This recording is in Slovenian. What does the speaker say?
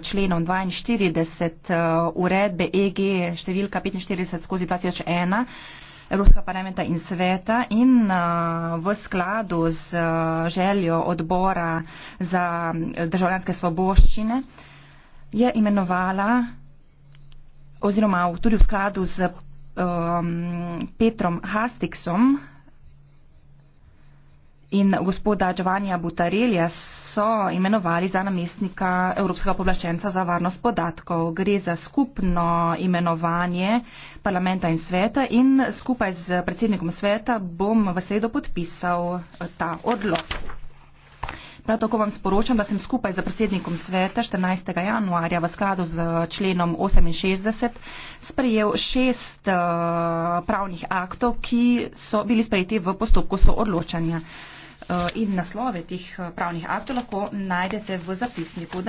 členom 42 eh, uredbe EG številka 45 skozi 2001 Evropska parlamenta in sveta in eh, v skladu z eh, željo odbora za državljanske svoboščine je imenovala oziroma tudi v skladu z Petrom Hastiksom, in gospoda Giovannija Butarelja so imenovali za namestnika Evropskega poblaščenca za varnost podatkov. Gre za skupno imenovanje parlamenta in sveta in skupaj z predsednikom sveta bom v sredo podpisal eh, ta odlog. Prav tako vam sporočam, da sem skupaj z predsednikom sveta 14. januarja v skladu z členom 68 sprejel šest eh, pravnih aktov, ki so bili sprejeti v postopku soodločanja. Eh, in naslove teh eh, pravnih aktov lahko najdete v zapisniku.